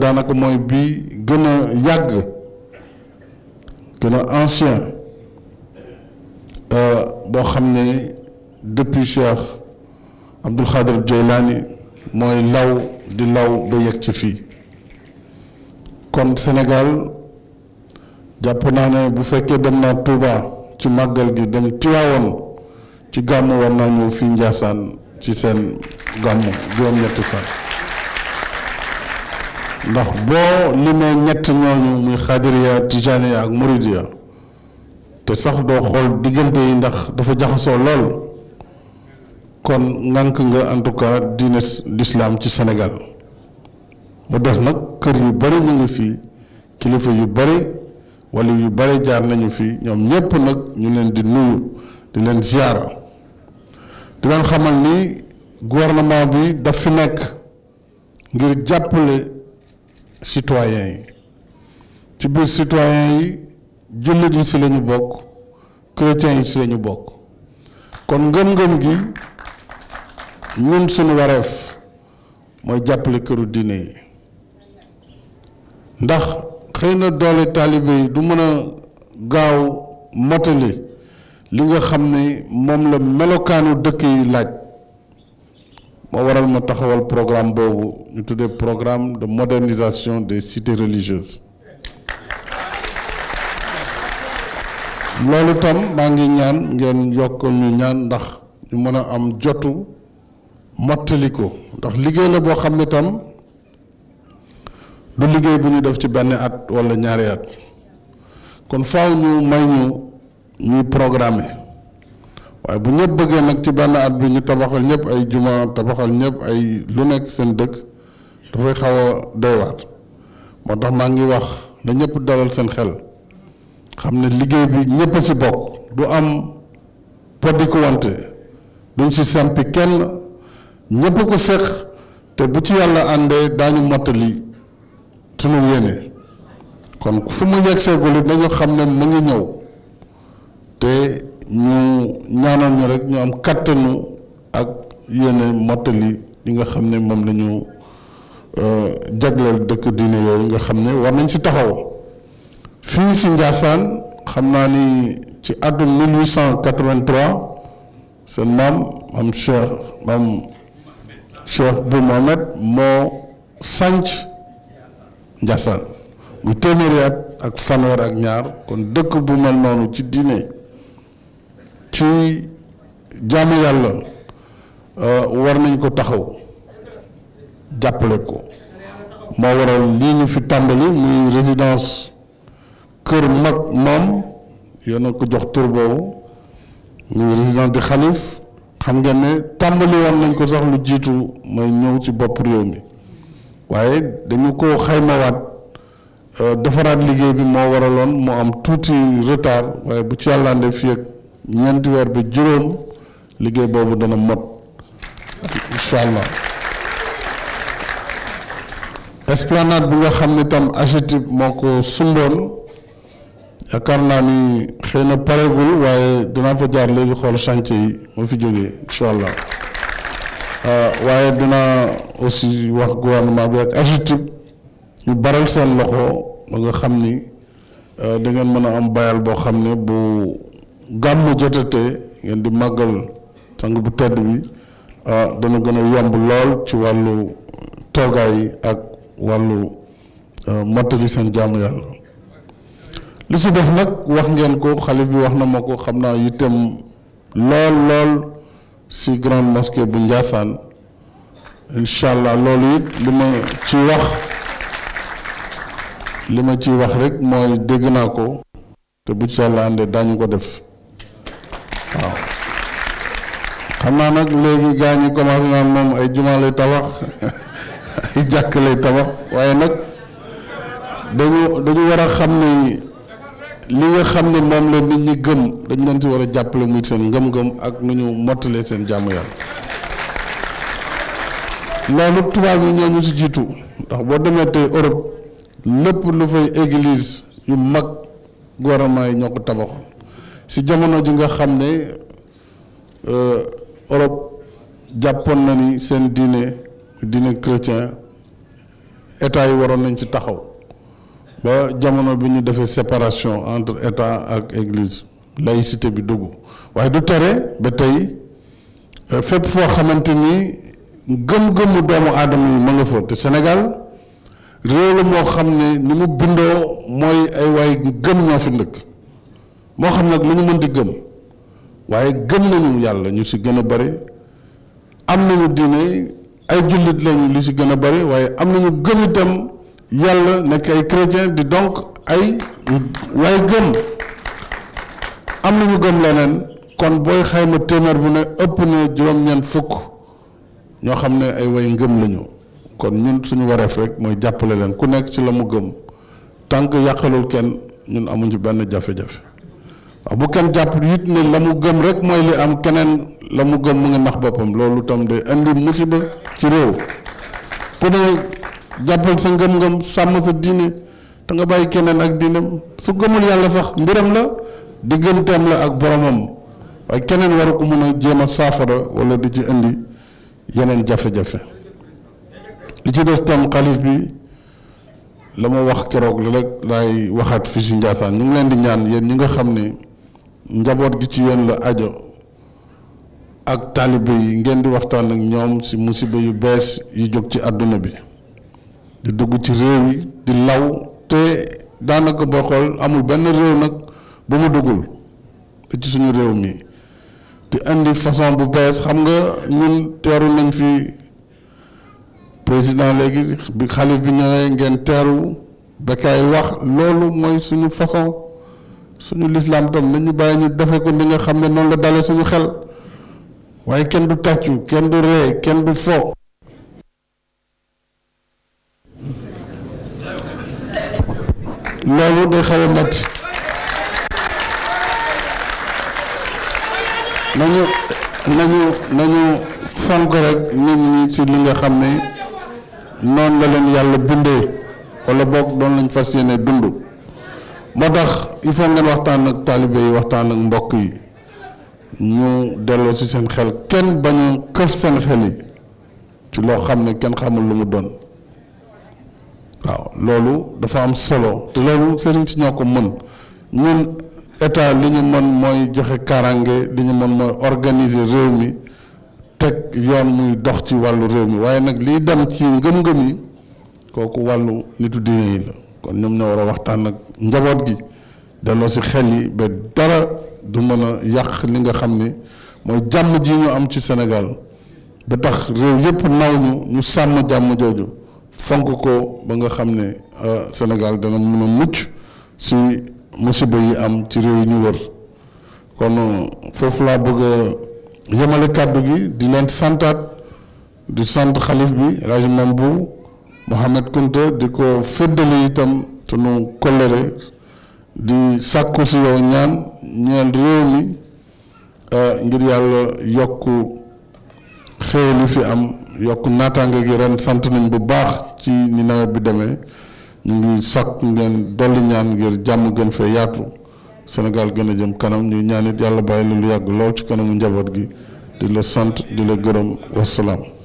daanaka mooy bi gën a yàgg gën a ancien euh, boo xam ne depuis Cheikh Abdul Xaadir Jeylaani mooy law di law ba yegg ci fii kon Sénégal jàpp naa ne bu fekkee dem naa Touba ci màggal gi dem Tiwaawoon ci gàmmu war naa ñëw Njaasaan ci seen gàmmu juróom-ñetti fan ndax boo limee ñett ñooñu muy xaadiriya tijaaniya ak muridiya te sax doo xool diggante yi ndax dafa jaxasoo lool kon nank nga en tout cas diine l'islam ci senegal mu def nag kër yu bari ñu ngi fii kilifa yu bari walla yu bari jaar nañu fii ñoom ñépp nag ñu leen di nuyu di leen ziyaara di leen xamal ni gouvernement bi daf fi nekk ngir jàppale citoyen yi ci biir citoyen yi jullit yi ci lañu bokk chrétiens yi ci lañu bokk kon ngëm-ngëm gi ñun suñu wareef mooy jàppale këru diine yi ndax xëy na doole taalibe yi du mën a gaaw motali li nga xam ne moom la melokaanu dëkk yi laaj moo waral ma taxawal programme boobu ñu tuddee programme de modernisation des cités religieuses loolu tam maa ngi ñaan ngeen yokkal ñu ñaan ndax ñu mën a am jotu mottali ko ndax liggéey la boo xam ne tam du liggéey bu ñu def ci benn at walla ñaari at kon faaw ñu may ñu ñuy programmer waaye bu ñëpp bëggee nag ci benn at bi ñu tabaxal ñëpp ay jumaa tabaxal ñëpp ay lu nekk seen dëkk dafay xaw a doy waat moo tax maa ngi wax na ñëpp dalal seen xel xam ne liggéey bi ñëpp a si bokk du am poddiku wante duñ si sampi kenn ñëpp ko seq te bu ci yàlla àndee daañu mottali sunu yéene kon fu mu yegg seegul it nañu xam ne mu ngi ñëw te ñu ñaanal ñu rek ñu am kàttanu ak yéene mottali li nga xam ne moom lañu ñu euh, jagleel dëkk diine yooyu nga xam ne war nañ ci taxaw fii si Ndiassane xam naa ni ci atum 1883 seen maam maam Cheikh maam Cheikh Bou Mohamed moo sànc Ndiassane mu téeméeri at ak fanweer ak ñaar kon dëkk bu mel noonu ci diine ci jaamu yàlla euh, war nañ ko taxaw jàppale ko moo waral lii ñu fi tàmbali muy résidence kër mag moom yéen ko jox tur boobu muy résidence di xalif xam ngeen ne tàmbali woon nañ ko sax lu jiitu may ñëw ci bopp réew mi waaye dañu ko xaymawaat euh, defaraat liggéey bi moo waraloon mu am tuuti retard waaye bu ci yàllaande fii ak ñeenti weer bi juróom liggéey boobu dana mot incha allah esplanade bi nga xam ne tam AGETIP moo ko sumboon yaakaar naa ni xëy na pareegul waaye dinaa fa jaar léegi xool chantier yi ma fi jógee incha allah euh, waaye dinaa aussi wax gouvernement bi ak AGETIP ñu baral seen loxo ba nga xam ni euh, da ngeen mën a am bayal boo xam ne bu gàmm jotatee ngeen di màggal sang bu tedd bi ah, dana gën a yomb lool ci wàllu toogaay ak wàllu ah, mottali seen jaamu yàlla li ci des nag wax ngeen ko xalif bi wax na ma ko xam naa itam lool lool si grande mosquée bu Ndiassane incha allah loolu it li ma ci wax li ma ci wax rek mooy dégg naa ko te bu ci yàlla àndee daañu ko def waaw xam naa nag léegi gaa ñi commencé naa moom ay jumaa lay tabax ay jàkk lay tabax waaye nag dañu dañu war a xam ni li nga xam ne moom la nit ñi gëm dañ leen ci war a jàppale muy seen ngëm-ngëm ak nu ñu mottalee seen jàmm yàlla loolu tubaab yi ñoo ñu jiitu ndax boo demee tey Europe lépp lu fay église yu mag gouvernement yi ñoo ko tabaxoon ci jamono ji nga xam ne euh, Europe jàppoon na ni seen diine diine chrétien état yi waroon nañ ci taxaw ba jamono bi ñu defee séparation entre état ak église laïcité bi dugg waaye du tere ba tey euh, fépp foo xamante ni gëm-gëmu doomu aadama yi mën nga fa te Sénégal réew la moo xam ne ni mu bindoo mooy ay waay gëm ñoo fi ndëkk moo xam nag lu ñu mën di gëm waaye gëm nañu yàlla ñu ci gën a bari am nañu diine ay jullit lañu li ci gën a bari waaye am nañu gëm itam yàlla nekk ay chrétien di donc ay waaye gëm am nañu gëm leneen kon booy xayma téeméer bu ne ëpp ne juróom-ñeent fukk ñoo xam ne ay way ngëm lañu kon ñun suñu wareef rek mooy jàppale leen ku nekk ci la mu gëm tànk yàqalul kenn ñun amuñ ci benn jafe-jafe bu kenn jàpp it ne la mu gëm rek mooy li am keneen la mu gëm mu ngi nax boppam loolu tam de indi musiba ci réew ku ne jàppal sa ngëm-ngëm sàmm sa diine te nga bàyyi keneen ak diinam su gëmul yàlla sax mbiram la digganteem la ak boromam waaye keneen waru ko mun a jéem a saafara wala di ci indi yeneen jafe-jafe li ci des tam xalif bi la ma wax keroog la rek laay waxaat fii si Ndiassane ñu ngi leen di ñaan yéen ñi nga xam ne. njaboot gi ci yéen la ajo ak taalibe yi ngeen di waxtaan ak ñoom si musiba yu bees yu jóg ci àdduna bi di dugg ci réew yi di law te daanaka boo xool amul benn réew nag bu mu duggul ci suñu réew mi di indi façon bu bees xam nga ñun teeru nañ fi président léegi bi xalif bi ñëwee ngeen teeru kay wax loolu mooy suñu façon suñu lislaam tam nañu bàyyi ñu defe ko ni nga xam ne noonu la dalee suñu xel waaye kenn du tàccu kenn du ree kenn du fo loolu day xaw a metti nañu nañu nañu fonk rek nit ñi ci li nga xam ne noon la leen yàlla bindee wala boog doon lañ fas yéene dund moo tax il faut ngeen waxtaan ak taalibe yi waxtaan ak mbokk yi ñu delloo ci seen xel kenn ba a këf seen xel yi ci loo xam ne kenn xamul lu mu doon waaw loolu dafa am solo te loolu sëriñ si ñoo ko mën ñun état li ñu mën mooy joxe kaarange li ñu mën mooy organiser réew mi teg yoon muy dox ci wàllu réew mi waaye nag liy dem ci ngëm-ngëm yi kooku wàllu nitu diine yi la kon ñoom ñoo war a waxtaan ak njaboot gi daloo ci xel yi ba dara du mën a yàq li nga xam ni mooy jàmm ji ñu am ci senegal ba tax réew yépp naw ñu ñu sàmm jàmm jooju fonk ko ba nga xam ne ah, senegal dana mën a mucc si musiba yi am ci réew yi ñu wër kon foofu laa bëgg a yemale kàddu gi di leen santaat du sant xalif bi raj Mambu Mouhamed Kounta di ko feddali itam sunu kollëre di sàkku si yow ñaan ñeel réew mi eh, ngir yàlla yokk xéw li fi am yokk naataange gi ren sant nañ bu baax ci ni nawet bi demee ñu ngi sàkk ngeen dolli ñaan ngir jàmm gën fee yaatu senegal gën a jëm kanam ñu ñaan it yàlla bàyyi lu yàgg lool ci kanamu njaboot gi di la sant di la gërëm wasalaam